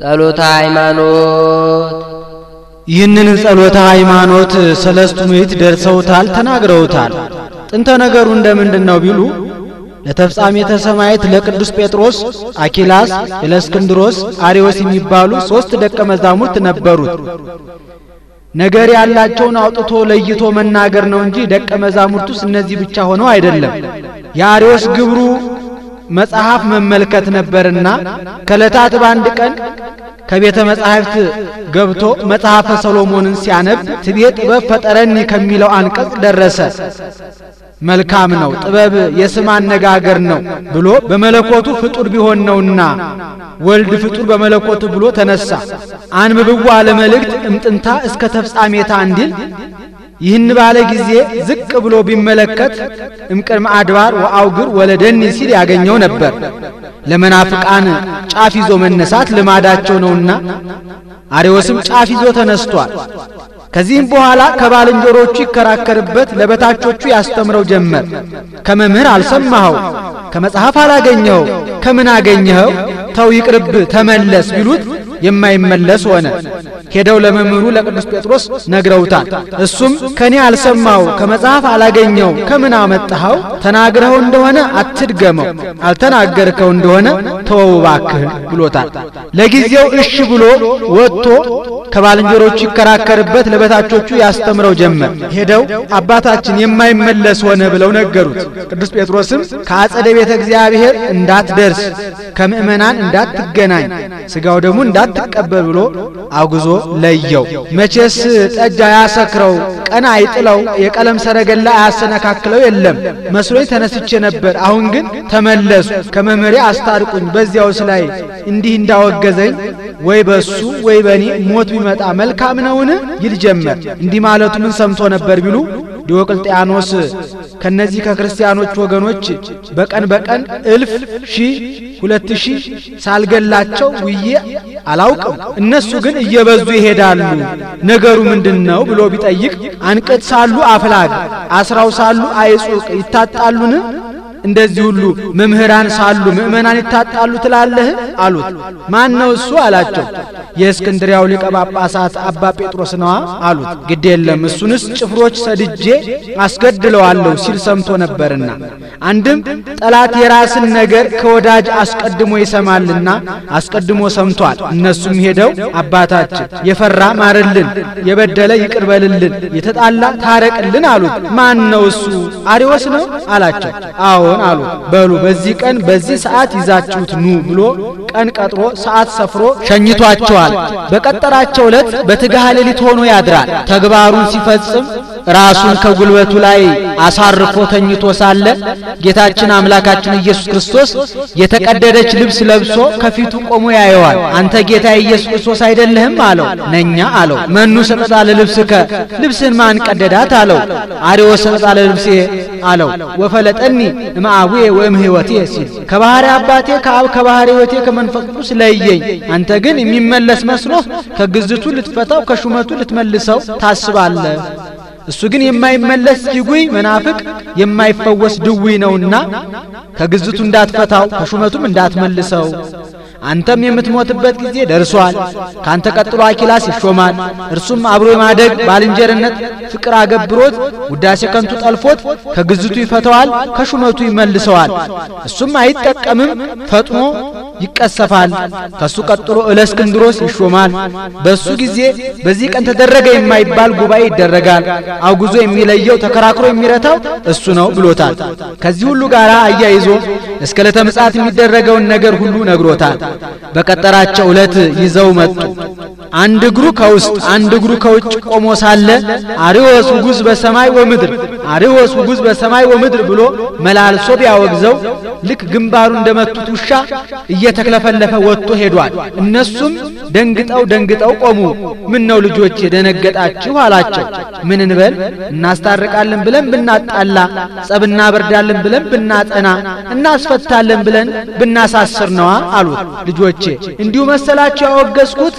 ጸሎተ ሃይማኖት ይህንን ጸሎተ ሃይማኖት ሰለስቱ ምዕት ደርሰውታል፣ ተናግረውታል። ጥንተ ነገሩ እንደምንድን ነው ቢሉ ለተፍጻሜተ ሰማዕት ለቅዱስ ጴጥሮስ፣ አኪላስ፣ ኤለስክንድሮስ፣ አሪዮስ የሚባሉ ሦስት ደቀ መዛሙርት ነበሩት። ነገር ያላቸውን አውጥቶ ለይቶ መናገር ነው እንጂ ደቀ መዛሙርቱስ እነዚህ ብቻ ሆነው አይደለም። የአርዮስ ግብሩ መጽሐፍ መመልከት ነበርና ከለታት በአንድ ቀን ከቤተ መጻሕፍት ገብቶ መጽሐፈ ሰሎሞንን ሲያነብ ትቤ ጥበብ ፈጠረኒ ከሚለው አንቀጽ ደረሰ። መልካም ነው ጥበብ የስም አነጋገር ነው ብሎ በመለኮቱ ፍጡር ቢሆን ነውና ወልድ ፍጡር በመለኮቱ ብሎ ተነሳ። አንብብዋ ለመልእክት እምጥንታ እስከ ተፍጻሜታ እንዲል ይህን ባለ ጊዜ ዝቅ ብሎ ቢመለከት እምቅድመ አድባር ወአውግር ወለደኒ ሲል ያገኘው ነበር። ለመናፍቃን ጫፍ ይዞ መነሳት ልማዳቸው ነውና አሬዎስም ጫፍ ይዞ ተነስቷል። ከዚህም በኋላ ከባልንጀሮቹ ይከራከርበት፣ ለበታቾቹ ያስተምረው ጀመር። ከመምህር አልሰማኸው፣ ከመጽሐፍ አላገኘኸው፣ ከምን አገኘኸው? ተው ይቅርብ፣ ተመለስ ቢሉት የማይመለስ ሆነ። ሄደው ለመምህሩ ለቅዱስ ጴጥሮስ ነግረውታል። እሱም ከኔ አልሰማው ከመጽሐፍ አላገኘው ከምን አመጣኸው? ተናግረው እንደሆነ አትድገመው፣ አልተናገርከው እንደሆነ ተወው እባክህን ብሎታል። ለጊዜው እሺ ብሎ ወጥቶ ከባልንጀሮቹ ይከራከርበት ለበታቾቹ ያስተምረው ጀመር። ሄደው አባታችን የማይመለስ ሆነ ብለው ነገሩት። ቅዱስ ጴጥሮስም ከአጸደ ቤተ እግዚአብሔር እንዳትደርስ፣ ከምእመናን እንዳትገናኝ፣ ስጋው ደግሞ እንዳት አትቀበል ብሎ አጉዞ ለየው። መቼስ ጠጅ አያሰክረው፣ ቀን አይጥለው፣ የቀለም ሰረገላ አያሰነካክለው የለም መስሎኝ ተነስቼ ነበር። አሁን ግን ተመለሱ፣ ከመምህሬ አስታርቁኝ። በዚያውስ ላይ እንዲህ እንዳወገዘኝ ወይ በሱ ወይ በእኔ ሞት ቢመጣ መልካም ነውን ይል ጀመር። እንዲህ ማለቱ ምን ሰምቶ ነበር ቢሉ ዲዮቅልጥያኖስ ከነዚህ ከክርስቲያኖች ወገኖች በቀን በቀን እልፍ ሺህ ሁለት ሺህ ሳልገላቸው ውዬ አላውቅም። እነሱ ግን እየበዙ ይሄዳሉ። ነገሩ ምንድን ነው ብሎ ቢጠይቅ አንቀት ሳሉ አፍላግ አስራው ሳሉ አይጹቅ ይታጣሉን እንደዚህ ሁሉ መምህራን ሳሉ ምእመናን ይታጣሉ ትላለህ አሉት። ማን ነው እሱ አላቸው። የእስክንድሪያው ሊቀ ጳጳሳት አባ ጴጥሮስ ነዋ አሉት። ግድ የለም እሱንስ ጭፍሮች ሰድጄ አስገድለዋለሁ ሲል ሰምቶ ነበርና፣ አንድም ጠላት የራስን ነገር ከወዳጅ አስቀድሞ ይሰማልና አስቀድሞ ሰምቷል። እነሱም ሄደው አባታችን የፈራ ማርልን፣ የበደለ ይቅርበልልን፣ የተጣላ ታረቅልን አሉት። ማን ነው እሱ አሪዎስ ነው አላቸው። አዎ አዎን አሉ። በሉ በዚህ ቀን በዚህ ሰዓት ይዛችሁት ኑ ብሎ ቀን ቀጥሮ ሰዓት ሰፍሮ ሸኝቷቸዋል። በቀጠራቸው ዕለት በትጋህ ሌሊት ሆኖ ያድራል። ተግባሩን ሲፈጽም ራሱን ከጉልበቱ ላይ አሳርፎ ተኝቶ ሳለ ጌታችን አምላካችን ኢየሱስ ክርስቶስ የተቀደደች ልብስ ለብሶ ከፊቱ ቆሞ ያየዋል። አንተ ጌታ ኢየሱስ ክርስቶስ አይደለህም አለው። ነኛ አለው። መኑ ሰጠጣለ ልብስከ ልብስን ማን ቀደዳት አለው። አርዮ ሰጠጣለ ልብሴ አለው። ወፈለጠኒ እምአቡዬ ወእም ህይወቴ ሲል ከባህሪ አባቴ ከአብ ከባህሪ ህይወቴ ከመንፈስ ቅዱስ ለየኝ። አንተ ግን የሚመለስ መስሎህ ከግዝቱ ልትፈታው ከሹመቱ ልትመልሰው ታስባለህ እሱ ግን የማይመለስ ጅጉይ መናፍቅ የማይፈወስ ድውይ ነውና ከግዝቱ እንዳትፈታው ከሹመቱም እንዳትመልሰው። አንተም የምትሞትበት ጊዜ ደርሷል። ካንተ ቀጥሎ አኪላስ ይሾማል። እርሱም አብሮ የማደግ ባልንጀርነት ፍቅር አገብሮት ውዳሴ ከንቱ ጠልፎት ከግዝቱ ይፈተዋል፣ ከሹመቱ ይመልሰዋል። እሱም አይጠቀምም ፈጥኖ ይቀሰፋል። ከሱ ቀጥሎ እለስክንድሮስ ይሾማል። በሱ ጊዜ በዚህ ቀን ተደረገ የማይባል ጉባኤ ይደረጋል። አውግዞ የሚለየው ተከራክሮ የሚረታው እሱ ነው ብሎታል። ከዚህ ሁሉ ጋር አያይዞ እስከ ዕለተ ምጽአት የሚደረገውን ነገር ሁሉ ነግሮታል። በቀጠራቸው ዕለት ይዘው መጡ። አንድ እግሩ ከውስጥ አንድ እግሩ ከውጭ ቆሞ ሳለ አርዮስ ውጉዝ በሰማይ ወምድር፣ አርዮስ ውጉዝ በሰማይ ወምድር ብሎ መላልሶ ቢያወግዘው ልክ ግንባሩ እንደመቱት ውሻ እየተክለፈለፈ ወጥቶ ሄዷል። እነሱም ደንግጠው ደንግጠው ቆሙ። ምን ነው ልጆች የደነገጣችሁ አላቸው። ምን እንበል እናስታርቃለን ብለን ብናጣላ፣ ጸብ እናበርዳለን ብለን ብናጠና፣ እናስፈታለን ብለን ብናሳስር ነዋ አሉት። ልጆቼ እንዲሁ መሰላቸው ያወገዝኩት?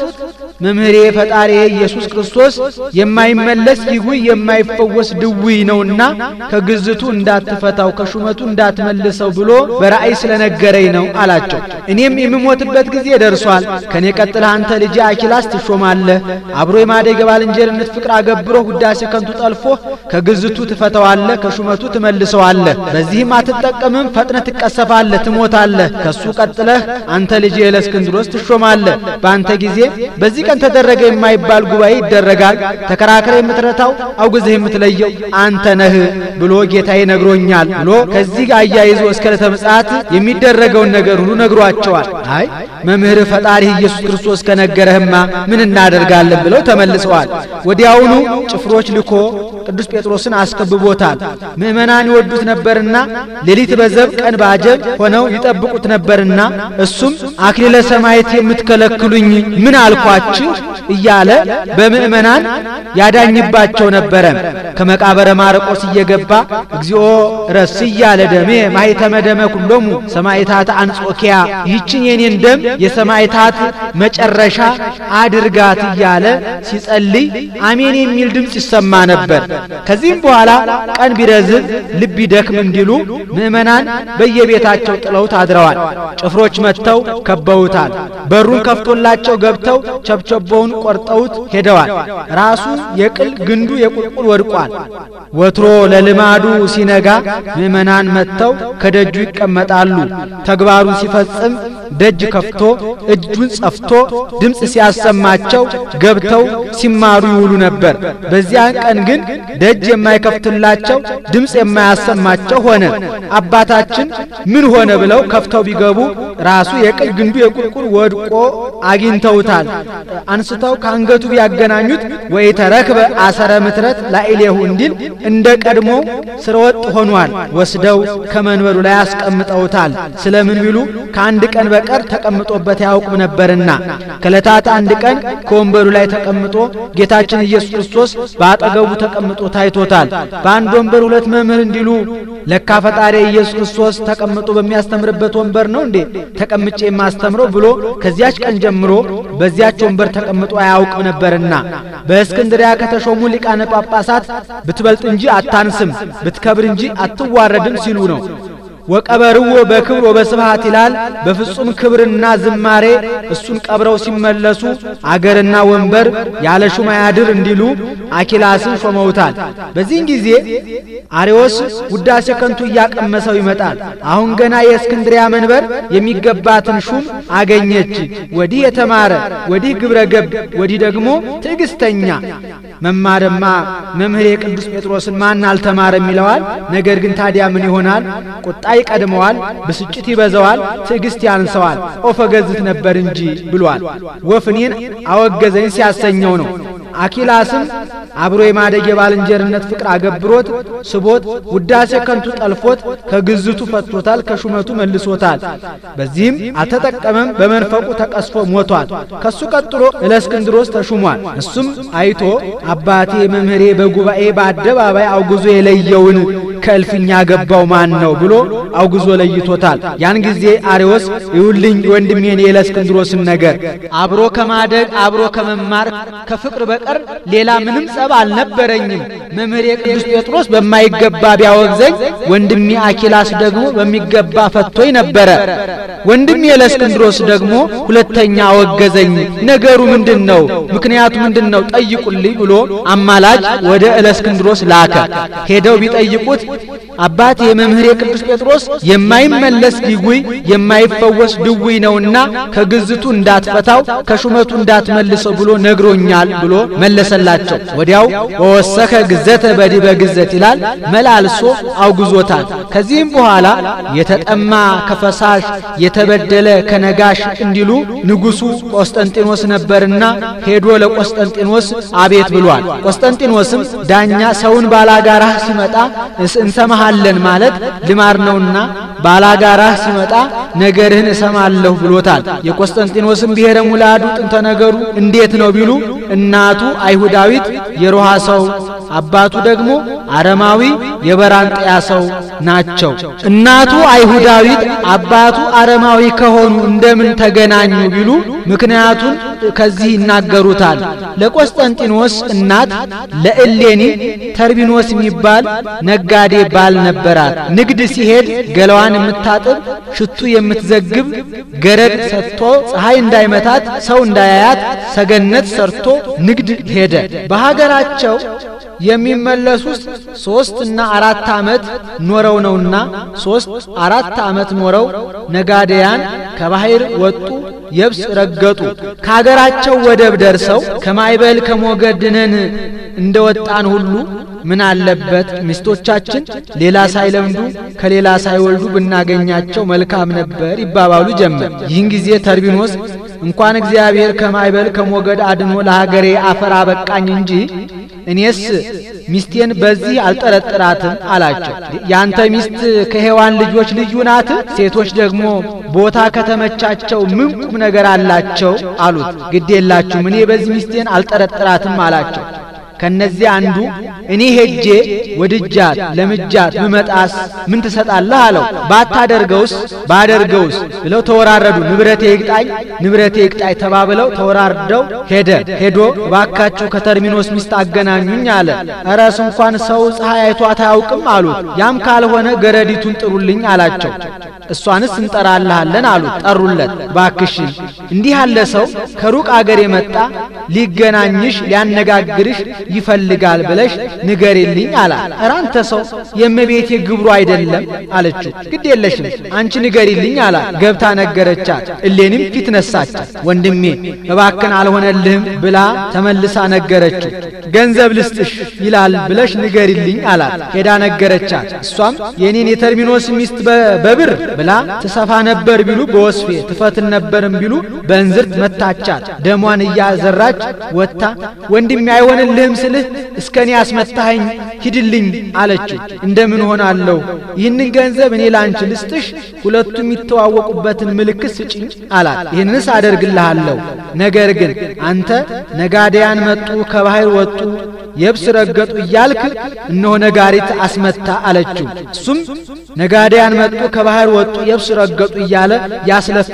መምህሬ ፈጣሪ ኢየሱስ ክርስቶስ የማይመለስ ዲጉይ የማይፈወስ ድዊ ነውና ከግዝቱ እንዳትፈታው ከሹመቱ እንዳትመልሰው ብሎ በራእይ ስለነገረኝ ነው አላቸው። እኔም የምሞትበት ጊዜ ደርሷል፣ ከእኔ ቀጥለ አንተ ልጅ አኪላስ ትሾማለህ። አብሮ የማደግ የባልንጀርነት ፍቅር አገብሮ ጉዳሴ ከንቱ ጠልፎ ከግዝቱ ትፈተዋለህ፣ ከሹመቱ ትመልሰዋለህ። በዚህም አትጠቀምም፣ ፈጥነ ትቀሰፋለህ፣ ትሞታለህ። ከእሱ ቀጥለህ አንተ ልጅ ለእስክንድሮስ ትሾማለህ። በአንተ ጊዜ በዚህ ቀን ተደረገ የማይባል ጉባኤ ይደረጋል። ተከራክረ የምትረታው አውግዘህ የምትለየው አንተ ነህ ብሎ ጌታዬ ነግሮኛል ብሎ ከዚህ አያይዞ እስከ ሰዓት የሚደረገውን ነገር ሁሉ ነግሯቸዋል። አይ መምህር ፈጣሪህ ኢየሱስ ክርስቶስ ከነገረህማ ምን እናደርጋለን ብለው ተመልሰዋል። ወዲያውኑ ጭፍሮች ልኮ ቅዱስ ጴጥሮስን አስከብቦታል። ምዕመናን ይወዱት ነበርና ሌሊት በዘብ ቀን በአጀብ ሆነው ይጠብቁት ነበርና እሱም አክሊለ ለሰማይት የምትከለክሉኝ ምን አልኳችሁ እያለ በምዕመናን ያዳኝባቸው ነበረ። ከመቃበረ ማርቆስ እየገባ እግዚኦ ረስ እያለ ደሜ ማይተመደመ ኩሎሙ ሰማይታት አንጾኪያ ይችን የኔን ደም የሰማይታት መጨረሻ አድርጋት እያለ ሲጸልይ አሜን የሚል ድምፅ ይሰማ ነበር። ከዚህም በኋላ ቀን ቢረዝም ልብ ይደክም እንዲሉ ምዕመናን በየቤታቸው ጥለውት አድረዋል። ጭፍሮች መጥተው ከበውታል። በሩን ከፍቶላቸው ገብተው ቸብቸቦውን ቆርጠውት ሄደዋል። ራሱ የቅል ግንዱ የቁልቁል ወድቋል። ወትሮ ለልማዱ ሲነጋ ምዕመናን መጥተው ከደጁ ይቀመጣሉ። ተግባሩን ሲፈጽም ደጅ ከፍቶ እጁን ጸፍቶ ድምፅ ሲያሰማቸው ገብተው ሲማሩ ይውሉ ነበር። በዚያን ቀን ግን ደጅ የማይከፍትላቸው ድምፅ የማያሰማቸው ሆነ። አባታችን ምን ሆነ ብለው ከፍተው ቢገቡ ራሱ የቀኝ ግንዱ የቁልቁል ወድቆ አግኝተውታል። አንስተው ከአንገቱ ቢያገናኙት ወይ ተረክበ አሰረ ምትረት ላኢሌሁ እንዲል እንደ ቀድሞ ስረወጥ ሆኗል። ወስደው ከመንበሩ ላይ አስቀ አስቀምጠውታል። ስለምን ቢሉ ከአንድ ቀን በቀር ተቀምጦበት ያውቅ ነበርና። ከለታት አንድ ቀን ከወንበሩ ላይ ተቀምጦ ጌታችን ኢየሱስ ክርስቶስ በአጠገቡ ተቀምጦ ታይቶታል። በአንድ ወንበር ሁለት መምህር እንዲሉ ለካ ፈጣሪ ኢየሱስ ክርስቶስ ተቀምጦ በሚያስተምርበት ወንበር ነው እንዴ ተቀምጬ የማስተምረው ብሎ ከዚያች ቀን ጀምሮ በዚያች ወንበር ተቀምጦ አያውቅ ነበርና በእስክንድሪያ ከተሾሙ ሊቃነ ጳጳሳት ብትበልጥ እንጂ አታንስም፣ ብትከብር እንጂ አትዋረድም ሲሉ ነው። ወቀበርዎ በክብር ወበስብሃት ይላል። በፍጹም ክብርና ዝማሬ እሱን ቀብረው ሲመለሱ አገርና ወንበር ያለ ሹም አያድር እንዲሉ አኪላስን ሾመውታል። በዚህን ጊዜ አሪዎስ ውዳሴ ከንቱ እያቀመሰው ይመጣል። አሁን ገና የእስክንድሪያ መንበር የሚገባትን ሹም አገኘች። ወዲህ የተማረ ወዲህ ግብረ ገብ፣ ወዲህ ደግሞ ትዕግስተኛ መማርማ መምህሬ ቅዱስ ጴጥሮስን ማን አልተማረም ይለዋል። ነገር ግን ታዲያ ምን ይሆናል? ቁጣ ይቀድመዋል፣ ብስጭት ይበዛዋል፣ ትዕግስት ያንሰዋል። ኦፈ ገዝት ነበር እንጂ ብሏል። ወፍኔን አወገዘኝ ሲያሰኘው ነው። አኪላስም አብሮ የማደግ የባልንጀርነት ፍቅር አገብሮት ስቦት ውዳሴ ከንቱ ጠልፎት ከግዝቱ ፈቶታል፣ ከሹመቱ መልሶታል። በዚህም አልተጠቀመም፣ በመንፈቁ ተቀስፎ ሞቷል። ከሱ ቀጥሎ እለእስክንድሮስ ተሹሟል። እሱም አይቶ አባቴ መምህሬ በጉባኤ በአደባባይ አውግዞ የለየውን ከእልፍኛ ያገባው ማን ነው ብሎ አውግዞ ለይቶታል። ያን ጊዜ አሪዎስ ይውልኝ ወንድሜን የእስክንድሮስን ነገር አብሮ ከማደግ አብሮ ከመማር ከፍቅር በቀር ሌላ ምንም ጸብ አልነበረኝም። መምህሬ ቅዱስ ጴጥሮስ በማይገባ ቢያወግዘኝ ወንድሜ አኪላስ ደግሞ በሚገባ ፈቶኝ ነበረ። ወንድሜ የለስክንድሮስ ደግሞ ሁለተኛ አወገዘኝ። ነገሩ ምንድን ነው? ምክንያቱ ምንድን ነው? ጠይቁልኝ ብሎ አማላጅ ወደ እለስክንድሮስ ላከ። ሄደው ቢጠይቁት አባት የመምህሬ ቅዱስ ጴጥሮስ የማይመለስ ዲጉይ የማይፈወስ ድውይ ነውና ከግዝቱ እንዳትፈታው ከሹመቱ እንዳትመልሰው ብሎ ነግሮኛል ብሎ መለሰላቸው። ወዲያው ወወሰከ ግዘተ በዲበ ግዘት ይላል መላልሶ አውግዞታል። ከዚህም በኋላ የተጠማ ከፈሳሽ የተበደለ ከነጋሽ እንዲሉ ንጉሱ ቆስጠንጢኖስ ነበርና ሄዶ ለቆስጠንጢኖስ አቤት ብሏል። ቆስጠንጢኖስም ዳኛ ሰውን ባላጋራህ ሲመጣ እንሰማሃለን ማለት ልማር ነውና ባላጋራህ ሲመጣ ነገርህን እሰማለሁ ብሎታል። የቆስጠንጢኖስን ብሔረ ሙላዱ ጥንተ ነገሩ እንዴት ነው ቢሉ እናቱ አይሁዳዊት የሮሃ ሰው አባቱ ደግሞ አረማዊ የበራንጥያ ሰው ናቸው። እናቱ አይሁዳዊት አባቱ አረማዊ ከሆኑ እንደምን ተገናኙ ቢሉ ምክንያቱን ከዚህ ይናገሩታል። ለቆስጠንጢኖስ እናት ለእሌኒ ተርቢኖስ የሚባል ነጋዴ ባል ነበራት። ንግድ ሲሄድ ገላዋን የምታጥብ ሽቱ የምትዘግብ ገረድ ሰጥቶ ፀሐይ እንዳይመታት ሰው እንዳያያት ሰገነት ሰርቶ ንግድ ሄደ። በሀገራቸው የሚመለሱት ሶስት እና አራት አመት ኖረው ነውና ሶስት አራት አመት ኖረው ነጋዴያን ከባህር ወጡ፣ የብስ ረገጡ። ከአገራቸው ወደብ ደርሰው ከማይበል ከሞገድ እንደወጣን ሁሉ ምን አለበት ሚስቶቻችን ሌላ ሳይለምዱ ከሌላ ሳይወልዱ ብናገኛቸው መልካም ነበር ይባባሉ ጀመር። ይህን ጊዜ ተርቢኖስ እንኳን እግዚአብሔር ከማይበል ከሞገድ አድኖ ለሀገሬ አፈር አበቃኝ እንጂ እኔስ ሚስቴን በዚህ አልጠረጥራትም አላቸው። ያንተ ሚስት ከሔዋን ልጆች ልዩ ናት፣ ሴቶች ደግሞ ቦታ ከተመቻቸው ምን ቁም ነገር አላቸው አሉት። ግድ የላችሁም እኔ በዚህ ሚስቴን አልጠረጥራትም አላቸው። ከነዚህ አንዱ እኔ ሄጄ ወድጃት ለምጃት ምመጣስ ምን ትሰጣለህ አለው። ባታደርገውስ ባደርገውስ ብለው ተወራረዱ። ንብረቴ ይቅጣኝ ንብረቴ ይቅጣይ ተባብለው ተወራርደው ሄደ። ሄዶ እባካችሁ ከተርሚኖስ ሚስት አገናኙኝ አለ። እረስ እንኳን ሰው ፀሐይ አይቷት አያውቅም አሉት። ያም ካልሆነ ገረዲቱን ጥሩልኝ አላቸው። እሷንስ እንጠራልሃለን አሉት። ጠሩለት። ባክሽ እንዲህ ያለ ሰው ከሩቅ አገር የመጣ ሊገናኝሽ ሊያነጋግርሽ ይፈልጋል ብለሽ ንገሪልኝ አላ ኧረ ሰው የመቤቴ ግብሩ አይደለም አለችው። ግድ የለሽም አንቺ ንገሪልኝ አላ ገብታ ነገረቻት። እሌንም ፊት ነሳቻት። ወንድሜ እባክን አልሆነልህም ብላ ተመልሳ ነገረችው። ገንዘብ ልስጥሽ ይላል ብለሽ ንገሪልኝ አላት። ሄዳ ነገረቻት። እሷም የኔን የተርሚኖስ ሚስት በብር ብላ ትሰፋ ነበር ቢሉ በወስፌ ትፈትን ነበርም ቢሉ በእንዝርት መታቻት። ደሟን እያዘራች ወታ ወንድሜ አይሆንልህም ስልህ እስከ እኔ አስመታኸኝ ሂድልኝ አለችው። እንደምን ሆናለሁ? ይህንን ገንዘብ እኔ ላንች ልስጥሽ፣ ሁለቱ የሚተዋወቁበትን ምልክት ስጪኝ አላት። ይህንስ አደርግልሃለሁ፣ ነገር ግን አንተ ነጋዴያን መጡ፣ ከባህር ወጡ የብስ ረገጡ እያልክ እነሆ ነጋሪት አስመታ አለችው። እሱም ነጋዴያን መጡ፣ ከባህር ወጡ፣ የብስ ረገጡ እያለ ያስለፍ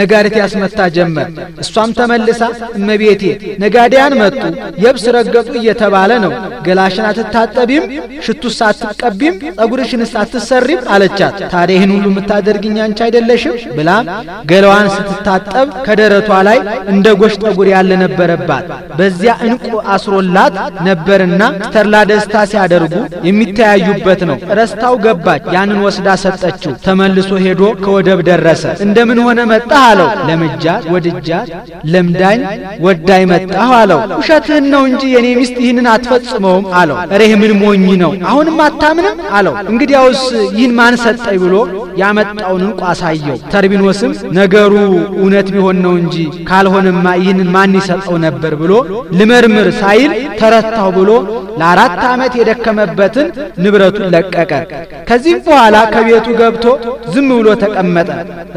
ነጋሪት ያስመታ ጀመር። እሷም ተመልሳ እመቤቴ ነጋዴያን መጡ፣ የብስ ረገጡ እየተባለ ነው፣ ገላሽን አትታጠቢም፣ ሽቱስ አትቀቢም፣ ጸጉርሽንስ አትሰሪም አለቻት። ታዲያ ይህን ሁሉ የምታደርግኛ አንቺ አይደለሽም ብላ ገላዋን ስትታጠብ ከደረቷ ላይ እንደ ጎሽ ጠጉር ያለ ነበረባት። በዚያ እንቁ አስሮላት ነበር። ነበርና ስተርላ ደስታ ሲያደርጉ የሚተያዩበት ነው። ረስታው ገባች። ያንን ወስዳ ሰጠችው። ተመልሶ ሄዶ ከወደብ ደረሰ። እንደምን ሆነ መጣህ አለው። ለምጃት ወድጃት ለምዳኝ ወዳይ መጣሁ አለው። ውሸትህን ነው እንጂ የኔ ሚስት ይህንን አትፈጽመውም አለው። እሬ ምን ሞኝ ነው አሁንም አታምንም አለው። እንግዲያውስ ይህን ማን ሰጠኝ ብሎ ያመጣውን እንቁ አሳየው። ተርቢኖስም ነገሩ እውነት ቢሆን ነው እንጂ ካልሆነማ ይህንን ማን ይሰጠው ነበር ብሎ ልመርምር ሳይል ተረታው تقابلو ለአራት ዓመት የደከመበትን ንብረቱን ለቀቀ። ከዚህም በኋላ ከቤቱ ገብቶ ዝም ብሎ ተቀመጠ።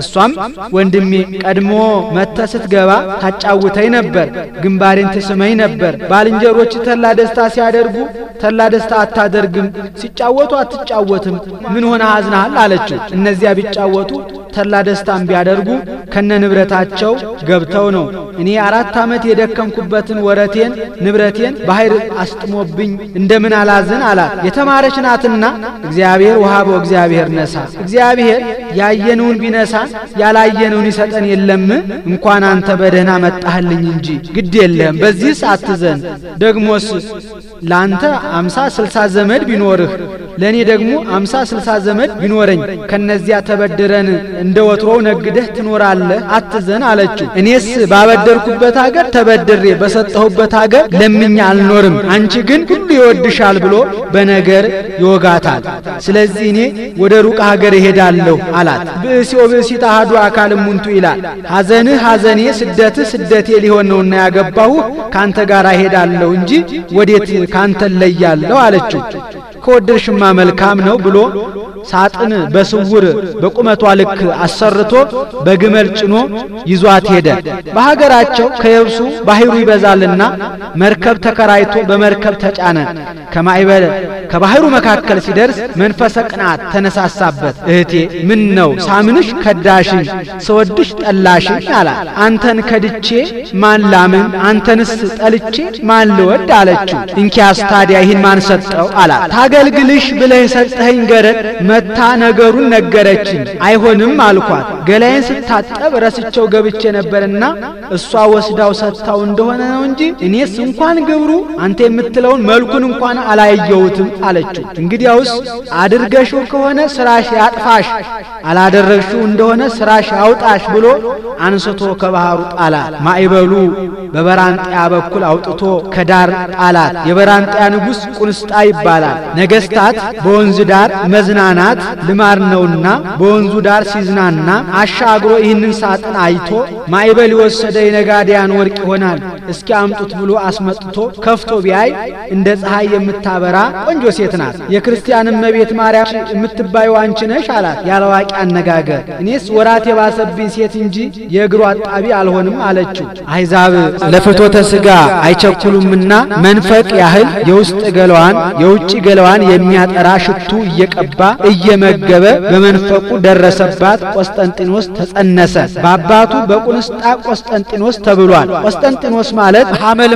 እሷም ወንድሜ ቀድሞ መተ ስትገባ ታጫውተኝ ነበር፣ ግንባሬን ትስመኝ ነበር። ባልንጀሮች ተላ ደስታ ሲያደርጉ ተላ ደስታ አታደርግም፣ ሲጫወቱ አትጫወትም። ምን ሆነ አዝናሃል አለችው። እነዚያ ቢጫወቱ ተላ ደስታን ቢያደርጉ ከነ ንብረታቸው ገብተው ነው። እኔ አራት ዓመት የደከምኩበትን ወረቴን ንብረቴን ባህር አስጥሞብኝ ሲወጉብኝ እንደምን አላዝን አላት። የተማረች ናትና እግዚአብሔር ውሃቦ እግዚአብሔር ነሳ። እግዚአብሔር ያየነውን ቢነሳን ያላየነውን ይሰጠን የለም። እንኳን አንተ በደህና መጣህልኝ እንጂ ግድ የለም በዚህ ሰዓት ዘን ደግሞስ ለአንተ አምሳ ስልሳ ዘመድ ቢኖርህ ለእኔ ደግሞ አምሳ ስልሳ ዘመድ ቢኖረኝ ከነዚያ ተበድረን እንደ ወትሮው ነግደህ ትኖራለህ አትዘን አለችው። እኔስ ባበደርኩበት ሀገር ተበድሬ በሰጠሁበት ሀገር ለምኛ አልኖርም፣ አንቺ ግን ሁሉ ይወድሻል ብሎ በነገር ይወጋታል። ስለዚህ እኔ ወደ ሩቅ ሀገር እሄዳለሁ አላት። ብእሲ ብእሲ ታሃዱ አካል ሙንቱ ይላል። ሐዘንህ ሐዘኔ፣ ስደትህ ስደቴ ሊሆን ነውና ያገባሁ ካንተ ጋር እሄዳለሁ እንጂ ወዴት ካንተ ለያለሁ አለችው። ከወደድሽማ መልካም ነው ብሎ ሳጥን በስውር በቁመቷ ልክ አሰርቶ በግመል ጭኖ ይዟት ሄደ። በሀገራቸው ከየብሱ ባህሩ ይበዛልና መርከብ ተከራይቶ በመርከብ ተጫነ። ከማይበለ ከባህሩ መካከል ሲደርስ መንፈሰ ቅናት ተነሳሳበት። እህቴ ምን ነው ሳምንሽ ከዳሽኝ፣ ሰወድሽ ጠላሽኝ አላ አንተን ከድቼ ማን ላምን፣ አንተንስ ጠልቼ ማን ልወድ አለችው። እንኪያስ ታዲያ ይህን ማን ሰጠው አላ ላገልግልሽ ብለህ የሰጠኸኝ ገረድ መታ ነገሩን ነገረችኝ። አይሆንም አልኳት። ገላዬን ስታጠብ ረስቸው ገብቼ ነበርና እሷ ወስዳው ሰጥታው እንደሆነ ነው እንጂ እኔስ እንኳን ግብሩ አንተ የምትለውን መልኩን እንኳን አላየውትም አለችው። እንግዲያውስ አድርገሽው ከሆነ ስራሽ ያጥፋሽ፣ አላደረግሽው እንደሆነ ስራሽ አውጣሽ ብሎ አንስቶ ከባህሩ ጣላት። ማዕበሉ በበራንጥያ በኩል አውጥቶ ከዳር ጣላት። የበራንጥያ ንጉሥ ቁንስጣ ይባላል። ነገስታት በወንዝ ዳር መዝናናት ልማር ነውና በወንዙ ዳር ሲዝናና አሻግሮ ይህንን ሳጥን አይቶ ማዕበል የወሰደ የነጋዲያን ወርቅ ይሆናል እስኪ አምጡት ብሎ አስመጥቶ ከፍቶ ቢያይ እንደ ፀሐይ የምታበራ ቆንጆ ሴት ናት። የክርስቲያን እመቤት ማርያም የምትባዩ አንቺ ነሽ አላት። ያለዋቂ አነጋገር እኔስ ወራት የባሰብኝ ሴት እንጂ የእግሩ አጣቢ አልሆንም አለችው። አይዛብ ለፍቶተ ስጋ አይቸኩሉምና መንፈቅ ያህል የውስጥ ገለዋን የውጭ ገለዋን ፊቷን የሚያጠራ ሽቱ እየቀባ እየመገበ በመንፈቁ ደረሰባት። ቆስጠንጢኖስ ተጸነሰ። በአባቱ በቁንስጣ ቆስጠንጢኖስ ተብሏል። ቆስጠንጢኖስ ማለት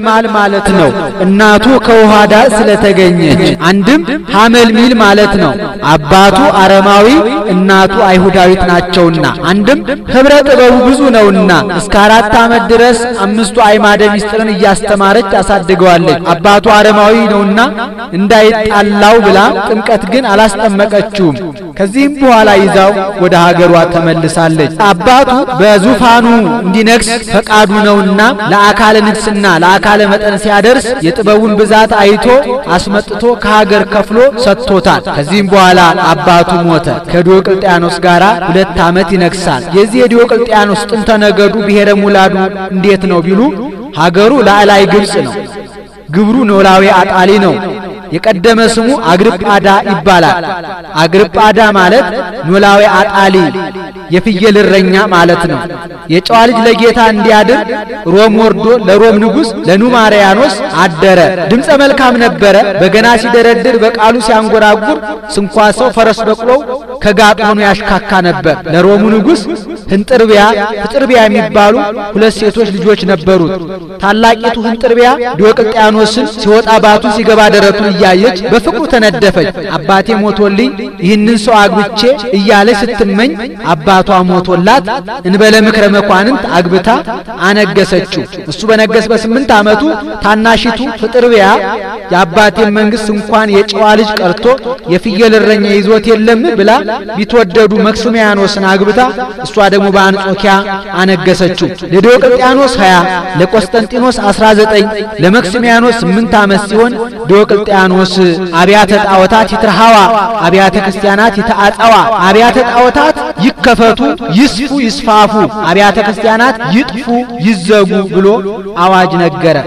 ማል ማለት ነው። እናቱ ከውሃ ዳር ስለተገኘች አንድም ሐመል ሚል ማለት ነው። አባቱ አረማዊ እናቱ አይሁዳዊት ናቸውና አንድም ህብረ ጥበቡ ብዙ ነውና እስከ አራት ዓመት ድረስ አምስቱ አይማደ ሚስጥርን እያስተማረች አሳድገዋለች። አባቱ አረማዊ ነውና እንዳይጣላ ላው ብላ ጥምቀት ግን አላስጠመቀችውም። ከዚህም በኋላ ይዛው ወደ ሀገሯ ተመልሳለች። አባቱ በዙፋኑ እንዲነግስ ፈቃዱ ነውና ለአካለ ንግስና ለአካለ መጠን ሲያደርስ የጥበቡን ብዛት አይቶ አስመጥቶ ከሀገር ከፍሎ ሰጥቶታል። ከዚህም በኋላ አባቱ ሞተ። ከዲዮቅልጥያኖስ ጋር ሁለት ዓመት ይነግሳል። የዚህ የዲዮቅልጥያኖስ ጥንተ ነገዱ ብሔረ ሙላዱ እንዴት ነው ቢሉ ሀገሩ ላዕላይ ግብፅ ነው። ግብሩ ኖላዊ አጣሊ ነው። የቀደመ ስሙ አግርጳዳ ይባላል። አግርጳዳ ማለት ኖላዊ አጣሊ የፍየል እረኛ ማለት ነው። የጨዋ ልጅ ለጌታ እንዲያድር ሮም ወርዶ ለሮም ንጉሥ ለኑማሪያኖስ አደረ። ድምፀ መልካም ነበረ። በገና ሲደረድር፣ በቃሉ ሲያንጎራጉር ስንኳ ሰው ፈረስ በቅሎው ከጋጥ ሆኖ ያሽካካ ነበር። ለሮሙ ንጉሥ ህንጥርቢያ፣ ፍጥርቢያ የሚባሉ ሁለት ሴቶች ልጆች ነበሩት። ታላቂቱ ህንጥርቢያ ዲዮቅልጥያኖስን ሲወጣ ባቱን ሲገባ ደረቱን እያየች በፍቅሩ ተነደፈች። አባቴ ሞቶልኝ ይህንን ሰው አግብቼ እያለች ስትመኝ አባቷ ሞቶላት እንበለ ምክረ መኳንንት አግብታ አነገሰችው። እሱ በነገስ በስምንት ዓመቱ ታናሺቱ ፍጥርቢያ የአባቴን መንግስት እንኳን የጨዋ ልጅ ቀርቶ የፍየል እረኛ ይዞት የለም ብላ ቢትወደዱ መክስሚያኖስን አግብታ እሷ ደግሞ በአንጾኪያ አነገሰችው። ለዲዮቅልጥያኖስ 20 ለቆስጠንጢኖስ 19 ለመክስሚያኖስ 8 ዓመት ሲሆን ዲዮቅልጥያኖስ አብያተ ጣዖታት ይትርሃዋ አብያተ ክርስቲያናት ይተአጸዋ አብያተ ጣዖታት ይከፈቱ ይስፉ ይስፋፉ አብያተ ክርስቲያናት ይጥፉ ይዘጉ ብሎ አዋጅ ነገረ።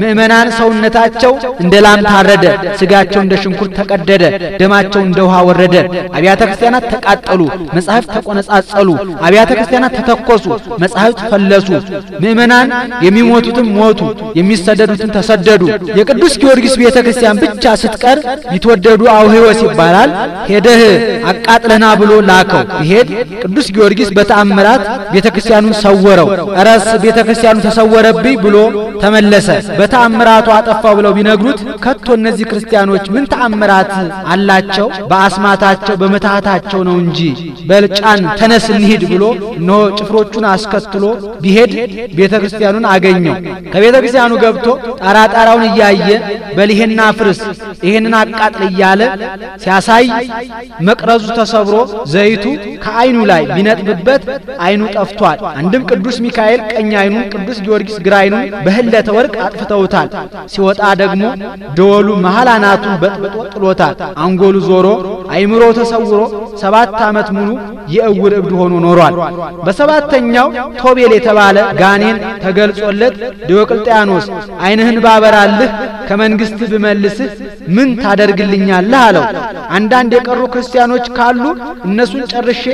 ምእመናን ሰውነታቸው እንደ ላም ታረደ፣ ስጋቸው እንደ ሽንኩርት ተቀደደ፣ ደማቸው እንደ ውሃ ወረደ። አብያተ ክርስቲያናት ተቃጠሉ፣ መጻሕፍት ተቆነጻጸሉ። አብያተ ክርስቲያናት ተተኮሱ፣ መጻሕፍት ፈለሱ፣ ምእመናን የሚሞቱትም ሞቱ፣ የሚሰደዱትን ተሰደዱ። የቅዱስ ጊዮርጊስ ቤተ ክርስቲያን ብቻ ስትቀር ይትወደዱ አውህዮስ ይባላል። ሄደህ አቃጥለና ብሎ ላከው። ይሄድ ቅዱስ ጊዮርጊስ በተአምራት ቤተ ክርስቲያኑን ሰወረው። ረስ ቤተ ክርስቲያኑ ተሰወረብኝ ብሎ ተመለሰ። በተአምራቱ አጠፋው ብለው ቢነግሩት ከቶ እነዚህ ክርስቲያኖች ምን ተአምራት አላቸው? በአስማታቸው በመታታቸው ነው እንጂ በልጫን ተነስ እንሂድ ብሎ ኖ ጭፍሮቹን አስከትሎ ቢሄድ ቤተ ክርስቲያኑን አገኘው። ከቤተ ክርስቲያኑ ገብቶ ጣራ ጣራውን እያየ በሊሄና ፍርስ ይሄንን አቃጥል እያለ ሲያሳይ መቅረዙ ተሰብሮ ዘይቱ ከአይኑ ላይ ቢነጥብበት አይኑ ጠፍቷል። አንድም ቅዱስ ሚካኤል ቀኝ አይኑን፣ ቅዱስ ጊዮርጊስ ግራ አይኑን በህለተ ወርቅ አጥፍተውታል። ሲወጣ ደግሞ ደወሉ መሃል አናቱን በጥብጦ ጥሎታል። አንጎሉ ዞሮ አይምሮ ተሰውሮ ሰባት ዓመት ሙሉ የእውር እብድ ሆኖ ኖሯል። በሰባተኛው ቶቤል የተባለ ጋኔን ተገልጾለት ዲዮቅልጥያኖስ ዓይንህን ባበራልህ ከመንግሥት ብመልስህ ምን ታደርግልኛለህ አለው። አንዳንድ የቀሩ ክርስቲያኖች ካሉ እነሱን ጨርሼ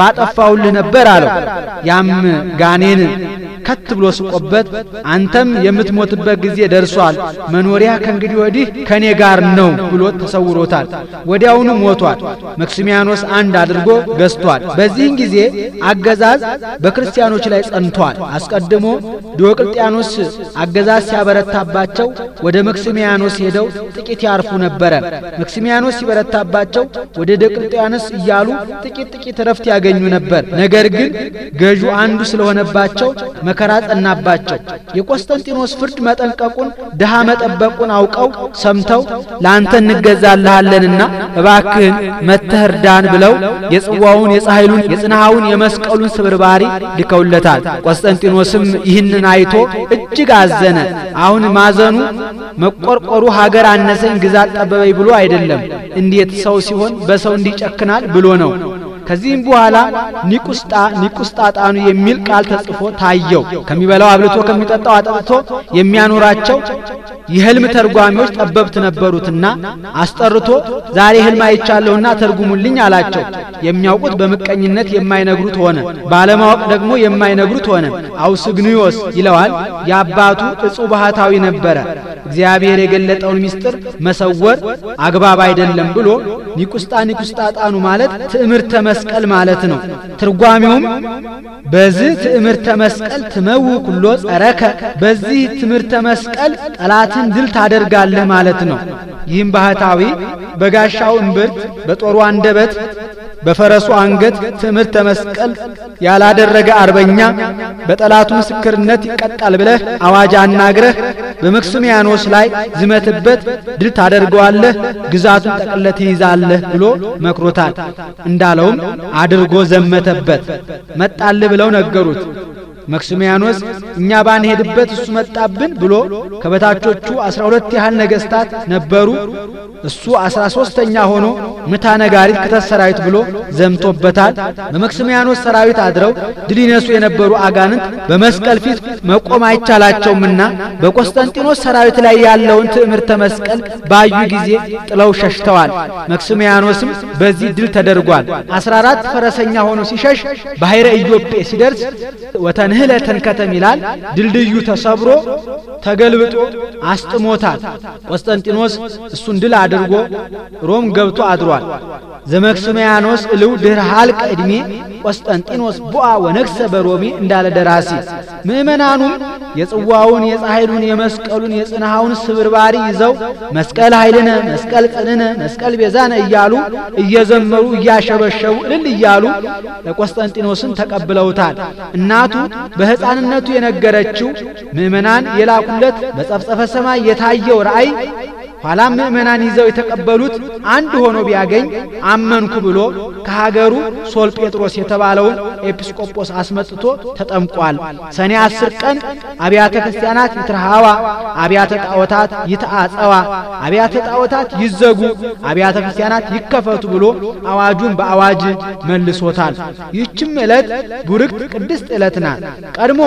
ባጠፋውልህ ነበር አለው። ያም ጋኔን ከት ብሎ ስቆበት፣ አንተም የምትሞትበት ጊዜ ደርሷል፣ መኖሪያ ከእንግዲህ ወዲህ ከእኔ ጋር ነው ብሎ ተሰውሮታል። ወዲያውኑ ሞቷል። መክሲሚያኖስ አንድ አድርጎ ገዝቷል። በዚህን ጊዜ አገዛዝ በክርስቲያኖች ላይ ጸንቷል። አስቀድሞ ዲዮቅልጥያኖስ አገዛዝ ሲያበረታባቸው ወደ መክሲሚያኖስ ሄደው ጥቂት ያርፉ ነበረ። መክሲሚያኖስ ሲበረታባቸው ወደ ዲዮቅልጥያኖስ እያሉ ጥቂት ጥቂት እረፍት ያገኙ ነበር። ነገር ግን ገዢ አንዱ ስለሆነባቸው መከራ ጸናባቸው። የቆስጠንጢኖስ ፍርድ መጠንቀቁን ድሃ መጠበቁን አውቀው ሰምተው ለአንተ እንገዛልሃለንና እባክህን መተህርዳን ብለው የጽዋውን፣ የፀሐይሉን፣ የጽንሐውን የመስቀሉን ስብርባሪ ልከውለታል። ቆስጠንጢኖስም ይህንን አይቶ እጅግ አዘነ። አሁን ማዘኑ መቆርቆሩ ሀገር አነሰኝ ግዛት ጠበበኝ ብሎ አይደለም፣ እንዴት ሰው ሲሆን በሰው እንዲጨክናል ብሎ ነው። ከዚህም በኋላ ኒቁስጣ ኒቁስጣጣኑ የሚል ቃል ተጽፎ ታየው። ከሚበላው አብልቶ ከሚጠጣው አጠጥቶ የሚያኖራቸው የህልም ተርጓሚዎች ጠበብት ነበሩትና አስጠርቶ ዛሬ ህልም አይቻለሁና ተርጉሙልኝ አላቸው። የሚያውቁት በምቀኝነት የማይነግሩት ሆነ፣ ባለማወቅ ደግሞ የማይነግሩት ሆነ። አውስግኒዮስ ይለዋል። የአባቱ እጹ ባህታዊ ነበረ። እግዚአብሔር የገለጠውን ምስጢር መሰወር አግባብ አይደለም ብሎ ኒቁስጣ ኒቁስጣጣኑ ማለት ትዕምርተ መስቀል ማለት ነው። ትርጓሚውም በዚህ ትዕምርተ መስቀል ትመው ኩሎ ጸረከ፣ በዚህ ትምህርተ መስቀል ጠላትን ድል ታደርጋለህ ማለት ነው። ይህም ባህታዊ በጋሻው እምብርት በጦሩ አንደበት በፈረሱ አንገት ትዕምርተ መስቀል ያላደረገ አርበኛ በጠላቱ ምስክርነት ይቀጣል ብለህ አዋጅ አናግረህ በመክስሚያኖስ ላይ ዝመትበት፣ ድል ታደርገዋለህ፣ ግዛቱን ጠቅልለህ ትይዛለህ ብሎ መክሮታል። እንዳለውም አድርጎ ዘመተበት። መጣልህ ብለው ነገሩት። መክስሚያኖስ እኛ ባንሄድበት እሱ መጣብን ብሎ ከበታቾቹ አስራ ሁለት ያህል ነገስታት ነበሩ። እሱ አስራ ሶስተኛ ሆኖ ምታ ነጋሪት ክተት ሰራዊት ብሎ ዘምቶበታል። በመክስሚያኖስ ሰራዊት አድረው ድል ይነሱ የነበሩ አጋንንት በመስቀል ፊት መቆም አይቻላቸውምና በቆስጠንጢኖስ ሰራዊት ላይ ያለውን ትዕምርተ መስቀል ባዩ ጊዜ ጥለው ሸሽተዋል። መክስሚያኖስም በዚህ ድል ተደርጓል። አስራ አራት ፈረሰኛ ሆኖ ሲሸሽ ባሕረ ኢዮጴ ሲደርስ ወተንህ ምህለ ተንከተም ይላል ድልድዩ ተሰብሮ ተገልብጦ አስጥሞታል። ቆስጠንጢኖስ እሱን ድል አድርጎ ሮም ገብቶ አድሯል። ዘመክስሚያኖስ እልው ድህር ሀልቀ ዕድሜ ቆስጠንጢኖስ ቡአ ወነግሰ በሮሜ እንዳለ ደራሲ ምእመናኑም የጽዋውን፣ የፀሐይሉን፣ የመስቀሉን፣ የጽንሃውን ስብርባሪ ይዘው መስቀል ኃይልነ፣ መስቀል ጽንነ፣ መስቀል ቤዛነ እያሉ እየዘመሩ እያሸበሸቡ እልል እያሉ ለቆስጠንጢኖስን ተቀብለውታል። እናቱ በሕፃንነቱ የነገረችው ምእመናን የላኩለት በጸፍጸፈ ሰማይ የታየው ራእይ ኋላም ምእመናን ይዘው የተቀበሉት አንድ ሆኖ ቢያገኝ አመንኩ ብሎ ከሀገሩ ሶል ጴጥሮስ የተባለውን ኤጲስቆጶስ አስመጥቶ ተጠምቋል። ሰኔ አስር ቀን አብያተ ክርስቲያናት ይትርሃዋ፣ አብያተ ጣዖታት ይትአጸዋ፣ አብያተ ጣዖታት ይዘጉ፣ አብያተ ክርስቲያናት ይከፈቱ ብሎ አዋጁን በአዋጅ መልሶታል። ይችም ዕለት ቡርክት ቅድስት ዕለት ናት። ቀድሞ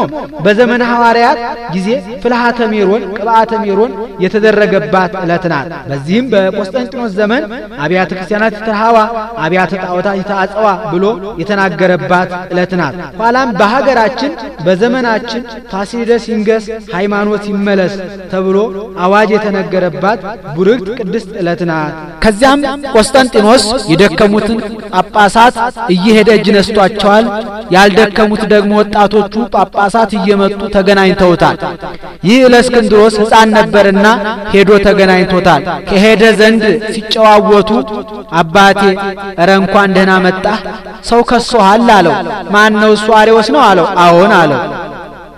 በዘመነ ሐዋርያት ጊዜ ፍልሃተ ሜሮን ቅብአተ ሜሮን የተደረገባት ዕለት ናት። በዚህም በቆስጠንጢኖስ ዘመን አብያተ ክርስቲያናት ተሃዋ አብያተ ጣዖታት ይተአጸዋ ብሎ የተናገረባት ዕለት ናት። ኋላም በሀገራችን በዘመናችን ፋሲለደስ ይንገስ ሃይማኖት ይመለስ ተብሎ አዋጅ የተነገረባት ቡርክት ቅድስት እለት ናት። ከዚያም ቆስጠንጢኖስ የደከሙትን ጳጳሳት እየሄደ እጅ ነስቷቸዋል። ያልደከሙት ደግሞ ወጣቶቹ ጳጳሳት እየመጡ ተገናኝተውታል። ይህ ለእስክንድሮስ ሕፃን ነበርና ሄዶ ተገናኝቶ ተገናኝቶታል። ከሄደ ዘንድ ሲጨዋወቱ አባቴ እረ እንኳን ደህና መጣህ፣ ሰው ከሶሃል አለው። ማን ነው እሱ? አርዮስ ነው አለው። አዎን አለው።